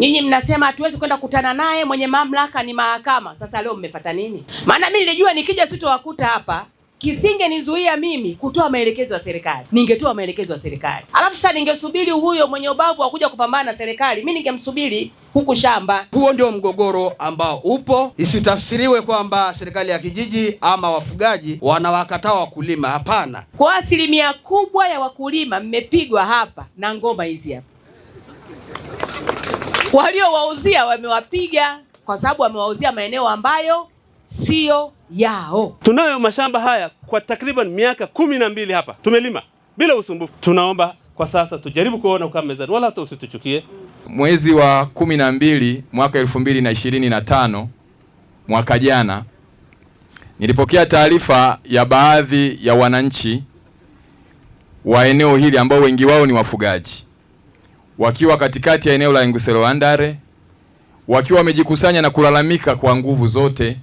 Nyinyi mnasema hatuwezi kwenda kukutana naye, mwenye mamlaka ni mahakama. Sasa leo mmefata nini? Maana mimi nilijua nikija sitowakuta hapa kisingenizuia mimi kutoa maelekezo ya serikali, ningetoa maelekezo ya serikali. Alafu sasa ningesubiri huyo mwenye ubavu akuja kupambana na serikali, mimi ningemsubiri huku shamba. Huo ndio mgogoro ambao upo, isitafsiriwe kwamba serikali ya kijiji ama wafugaji wanawakataa wakulima. Hapana, kwa asilimia kubwa ya wakulima mmepigwa hapa na ngoma hizi hapa. Waliowauzia wamewapiga kwa sababu wamewauzia maeneo ambayo sio yao. Tunayo mashamba haya kwa takriban miaka kumi na mbili hapa tumelima bila usumbufu. Tunaomba kwa sasa tujaribu kuona ukaa mezani, wala hata usituchukie. Mwezi wa kumi na mbili mwaka elfu mbili na ishirini na tano mwaka jana nilipokea taarifa ya baadhi ya wananchi wa eneo hili ambao wengi wao ni wafugaji wakiwa katikati ya eneo la Ngusero Andare, wakiwa wamejikusanya na kulalamika kwa nguvu zote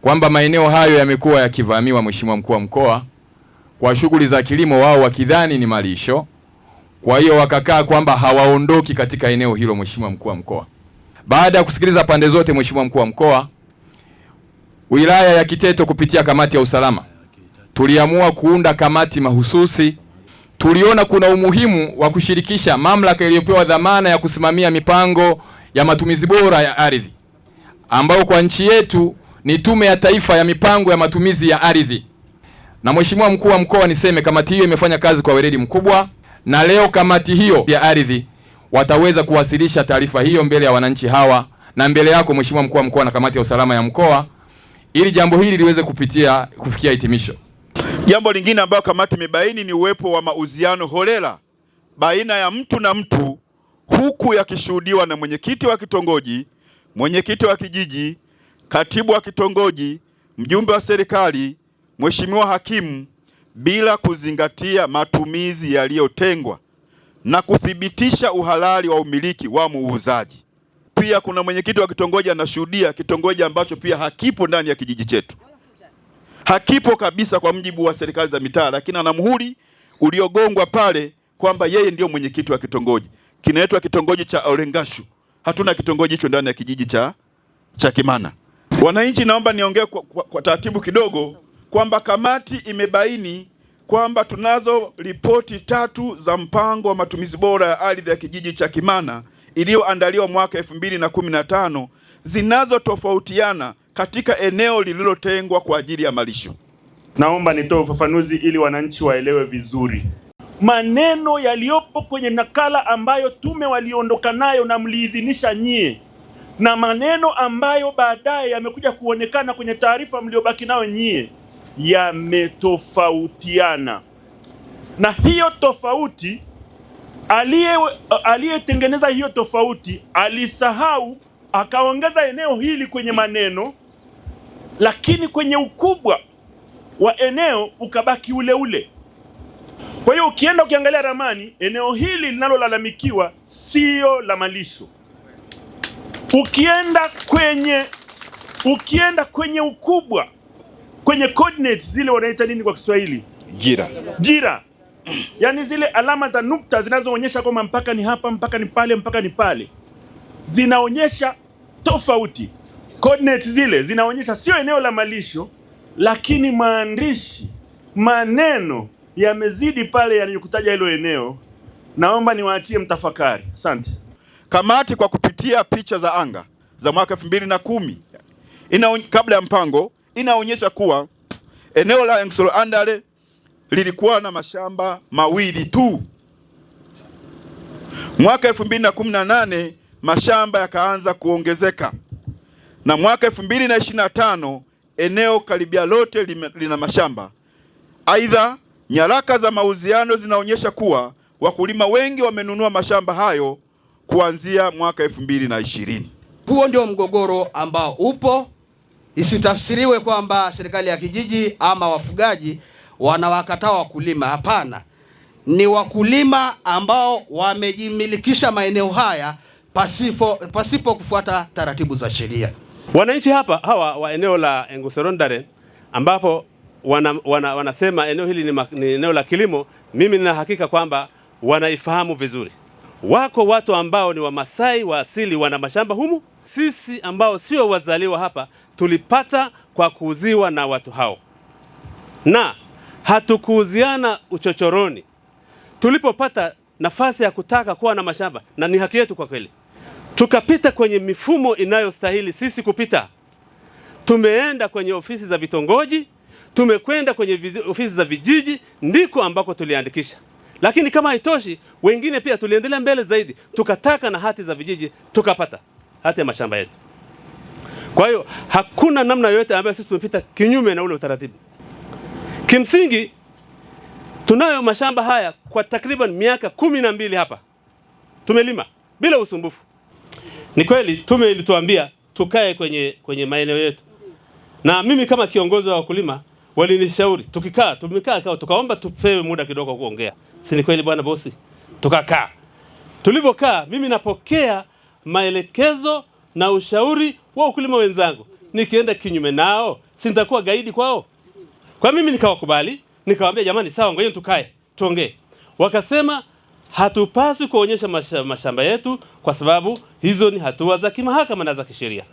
kwamba maeneo hayo yamekuwa yakivamiwa, Mheshimiwa Mkuu wa Mkoa, kwa shughuli za kilimo, wao wakidhani ni malisho. Kwa hiyo wakakaa kwamba hawaondoki katika eneo hilo, Mheshimiwa Mkuu wa Mkoa. Baada ya kusikiliza pande zote, Mheshimiwa Mkuu wa Mkoa, wilaya ya Kiteto kupitia kamati ya usalama tuliamua kuunda kamati mahususi tuliona kuna umuhimu wa kushirikisha mamlaka iliyopewa dhamana ya kusimamia mipango ya matumizi bora ya ardhi ambayo kwa nchi yetu ni Tume ya Taifa ya Mipango ya Matumizi ya Ardhi. Na Mheshimiwa Mkuu wa Mkoa, niseme kamati hiyo imefanya kazi kwa weledi mkubwa, na leo kamati hiyo ya ardhi wataweza kuwasilisha taarifa hiyo mbele ya wananchi hawa na mbele yako Mheshimiwa Mkuu wa Mkoa na kamati ya usalama ya mkoa, ili jambo hili liweze kupitia kufikia hitimisho. Jambo lingine ambayo kamati imebaini ni uwepo wa mauziano holela baina ya mtu na mtu, huku yakishuhudiwa na mwenyekiti wa kitongoji, mwenyekiti wa kijiji, katibu wa kitongoji, mjumbe wa serikali, mheshimiwa hakimu, bila kuzingatia matumizi yaliyotengwa na kuthibitisha uhalali wa umiliki wa muuzaji. Pia kuna mwenyekiti wa kitongoji anashuhudia kitongoji ambacho pia hakipo ndani ya kijiji chetu hakipo kabisa kwa mjibu wa serikali za mitaa, lakini ana muhuri uliogongwa pale kwamba yeye ndio mwenyekiti wa kitongoji. Kinaitwa kitongoji cha Olengashu. Hatuna kitongoji hicho ndani ya kijiji cha, cha Kimana. Wananchi, naomba niongee kwa, kwa, kwa taratibu kidogo kwamba kamati imebaini kwamba tunazo ripoti tatu za mpango wa matumizi bora ya ardhi ya kijiji cha Kimana iliyoandaliwa mwaka 2015 zinazotofautiana katika eneo lililotengwa kwa ajili ya malisho. Naomba nitoe ufafanuzi ili wananchi waelewe vizuri maneno yaliyopo kwenye nakala ambayo tume waliondoka nayo na mliidhinisha nyie, na maneno ambayo baadaye yamekuja kuonekana kwenye taarifa mliobaki nayo nyie yametofautiana, na hiyo tofauti aliyetengeneza hiyo tofauti alisahau akaongeza eneo hili kwenye maneno, lakini kwenye ukubwa wa eneo ukabaki ule ule. Kwa hiyo ukienda ukiangalia ramani, eneo hili linalolalamikiwa sio la malisho. Ukienda kwenye ukienda kwenye ukubwa, kwenye coordinates zile wanaita nini kwa Kiswahili? Jira, jira yaani zile alama za nukta zinazoonyesha kwamba mpaka ni hapa, mpaka ni pale, mpaka ni pale, zinaonyesha tofauti. Coordinates zile zinaonyesha sio eneo la malisho, lakini maandishi, maneno yamezidi pale yanayokutaja hilo eneo. Naomba niwaachie mtafakari. Asante. Kamati kwa kupitia picha za anga za mwaka elfu mbili na kumi kabla ya mpango inaonyesha kuwa eneo la Enksoro Andale lilikuwa na mashamba mawili tu. Mwaka 2018 mashamba yakaanza kuongezeka, na mwaka 2025 eneo karibia lote lina mashamba. Aidha, nyaraka za mauziano zinaonyesha kuwa wakulima wengi wamenunua mashamba hayo kuanzia mwaka 2020. Huo ndio mgogoro ambao upo, isitafsiriwe kwamba serikali ya kijiji ama wafugaji wanawakataa wakulima. Hapana, ni wakulima ambao wamejimilikisha maeneo haya pasipo, pasipo kufuata taratibu za sheria. Wananchi hapa hawa wa eneo la Engutherondaren ambapo wana, wana, wanasema eneo hili ni, ni eneo la kilimo. Mimi nina hakika kwamba wanaifahamu vizuri. Wako watu ambao ni Wamasai wa asili wana mashamba humu. Sisi ambao sio wazaliwa hapa tulipata kwa kuuziwa na watu hao, na hatukuuziana uchochoroni. Tulipopata nafasi ya kutaka kuwa na mashamba, na ni haki yetu kwa kweli tukapita kwenye mifumo inayostahili sisi kupita. Tumeenda kwenye ofisi za vitongoji, tumekwenda kwenye ofisi za vijiji, ndiko ambako tuliandikisha. Lakini kama haitoshi, wengine pia tuliendelea mbele zaidi, tukataka na hati za vijiji, tukapata hati ya mashamba yetu. Kwa hiyo hakuna namna yoyote ambayo sisi tumepita kinyume na ule utaratibu. Kimsingi tunayo mashamba haya kwa takriban miaka kumi na mbili hapa tumelima bila usumbufu. Ni kweli tume ilituambia tukae kwenye, kwenye maeneo yetu, na mimi kama kiongozi wa wakulima walinishauri tukikaa, tumekaa kwa tukaomba tupewe muda kidogo kuongea, si ni kweli bwana bosi? Tukakaa, tulivyokaa mimi napokea maelekezo na ushauri wa wakulima wenzangu. Nikienda kinyume nao, si nitakuwa gaidi kwao? Kwa mimi nikawakubali, nikawaambia jamani, sawa, ngoja tukae tuongee. Wakasema hatupaswi kuonyesha mashamba yetu kwa sababu hizo ni hatua za kimahakama na za kisheria.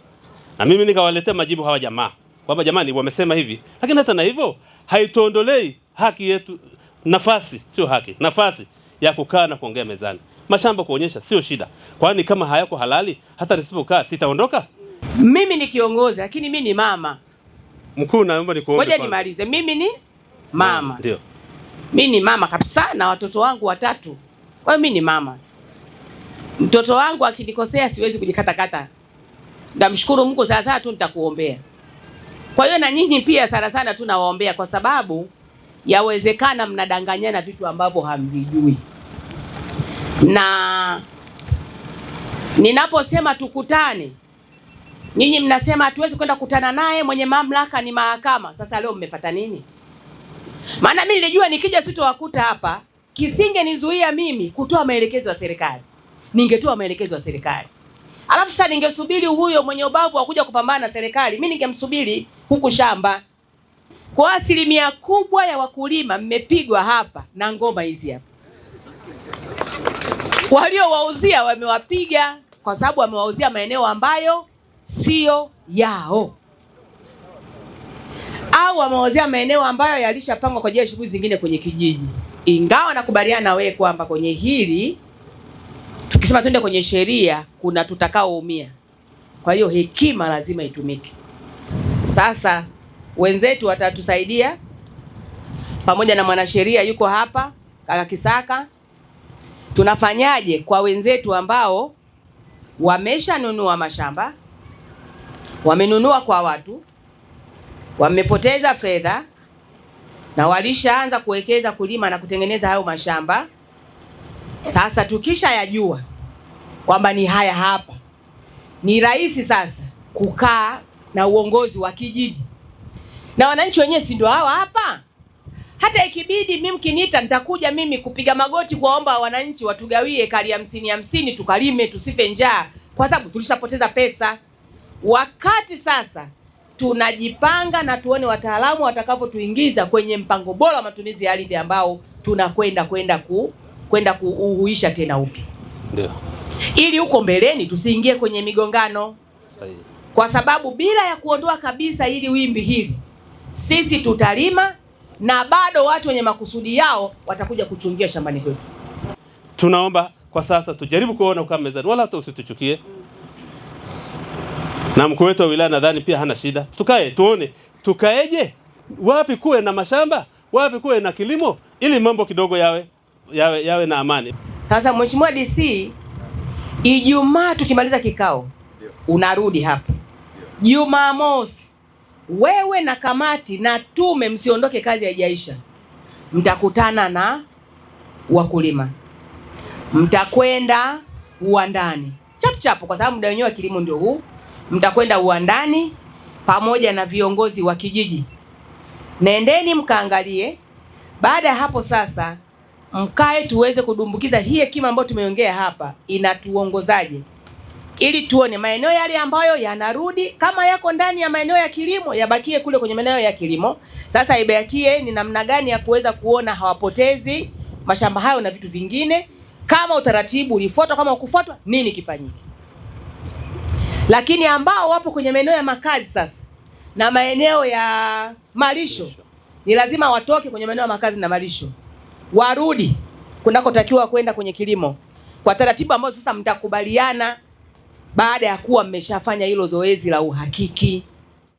Na mimi nikawaletea majibu hawa jamaa kwamba jamani, wamesema hivi, lakini hata na hivyo haituondolei haki yetu, nafasi sio haki, nafasi ya kukaa na kuongea mezani. Mashamba kuonyesha sio shida, kwani kama hayako halali, hata nisipokaa sitaondoka. Mimi ni kiongozi, lakini mimi ni mama mkuu. Naomba nikuombe, ngoja nimalize. Mimi ni mama, ndio mimi ni mama kabisa, na watoto wangu watatu. Kwa hiyo mimi ni mama, mtoto wangu akinikosea siwezi kujikatakata. Namshukuru Mungu, sana sana tu nitakuombea. Kwa hiyo na nyinyi pia sana sana tu nawaombea, kwa sababu yawezekana mnadanganyana vitu ambavyo hamvijui. Na ninaposema tukutane, nyinyi mnasema hatuwezi kwenda kukutana naye, mwenye mamlaka ni mahakama. Sasa leo mmefata nini? Maana mimi nilijua nikija sitowakuta hapa kisingenizuia mimi kutoa maelekezo ya serikali, ningetoa maelekezo ya serikali. Alafu sasa ningesubiri huyo mwenye ubavu wa kuja kupambana na serikali, mimi ningemsubiri huku shamba. Kwa asilimia kubwa ya wakulima mmepigwa hapa na ngoma hizi hapa, waliowauzia wamewapiga kwa sababu wamewauzia maeneo ambayo siyo yao au wamewauzia maeneo ambayo yalishapangwa kwa ajili ya shughuli zingine kwenye kijiji. Ingawa nakubaliana na wewe kwamba kwenye hili tukisema twende kwenye sheria kuna tutakaoumia, kwa hiyo hekima lazima itumike. Sasa wenzetu watatusaidia pamoja na mwanasheria yuko hapa, kaka Kisaka, tunafanyaje kwa wenzetu ambao wameshanunua mashamba, wamenunua kwa watu, wamepoteza fedha na walishaanza kuwekeza kulima na kutengeneza hayo mashamba. Sasa tukisha yajua kwamba ni haya hapa, ni rahisi sasa kukaa na uongozi wa kijiji na wananchi wenyewe, si ndio hawa hapa. Hata ikibidi mimi mkiniita, nitakuja mimi kupiga magoti kuwaomba wananchi watugawie kali hamsini hamsini, tukalime tusife njaa, kwa sababu tulishapoteza pesa. Wakati sasa tunajipanga na tuone wataalamu watakavyotuingiza kwenye mpango bora wa matumizi ya ardhi ambao tunakwenda kwenda ku kwenda kuuhuisha tena upya, ndio ili huko mbeleni tusiingie kwenye migongano sahihi, kwa sababu bila ya kuondoa kabisa ili wimbi hili sisi tutalima na bado watu wenye makusudi yao watakuja kuchungia shambani kwetu. Tunaomba kwa sasa tujaribu kuona kama mezani, wala hata usituchukie na mkuu wetu wa wilaya nadhani pia hana shida, tukae tuone tukaeje, wapi kuwe na mashamba, wapi kuwe na kilimo, ili mambo kidogo yawe yawe, yawe na amani. Sasa Mheshimiwa DC, Ijumaa tukimaliza kikao unarudi hapa Jumamosi, wewe na kamati na tume, msiondoke, kazi haijaisha. Mtakutana na wakulima, mtakwenda uwandani chapchapo kwa sababu muda wenyewe wa kilimo ndio huu mtakwenda uwandani pamoja na viongozi wa kijiji, nendeni mkaangalie. Baada ya hapo sasa, mkae tuweze kudumbukiza hii hekima ambayo tumeongea hapa inatuongozaje, ili tuone maeneo yale ambayo yanarudi kama yako ndani ya maeneo ya kilimo yabakie kule kwenye maeneo ya kilimo. Sasa ibakie ni namna gani ya kuweza kuona hawapotezi mashamba hayo na vitu vingine, kama utaratibu ulifuatwa, kama ukufuatwa, nini kifanyike? Lakini ambao wapo kwenye maeneo ya makazi sasa na maeneo ya malisho ni lazima watoke kwenye maeneo ya makazi na malisho warudi kunakotakiwa kwenda kwenye kilimo kwa taratibu ambazo sasa mtakubaliana baada ya kuwa mmeshafanya hilo zoezi la uhakiki.